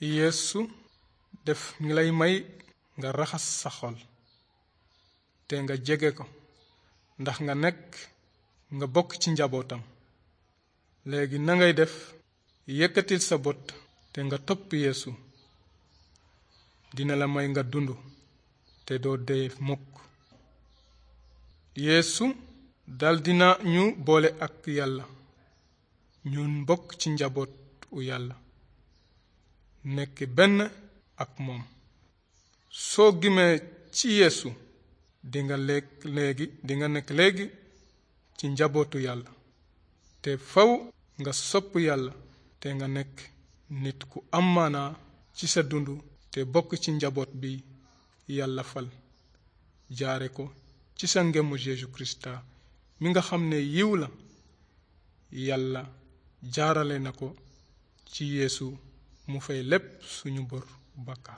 yéesu def ngi lay may nga raxas sa xol te nga jege ko ndax nga nekk nga bokk ci njabootam léegi na ngay def yëkkatil sa bot te nga topp yéesu dina la may nga dund te doo dee mukk yéesu daldi dina ñu boole ak yàlla ñun bokk ci njaboot u yàlla nekk benn ak moom soo gimee ci yéesu dinga lekk léegi dinga nekk léegi ci njabootu yàlla te faw nga sopp yàlla te nga nekk nit ku am ci sa dund te bokk ci njaboot bi yàlla fal jaare ko ci sa ngemu Jésus Christa mi nga xam ne yiw la yàlla jaarale na ko ci yéesu mu fay lépp suñu bër bakka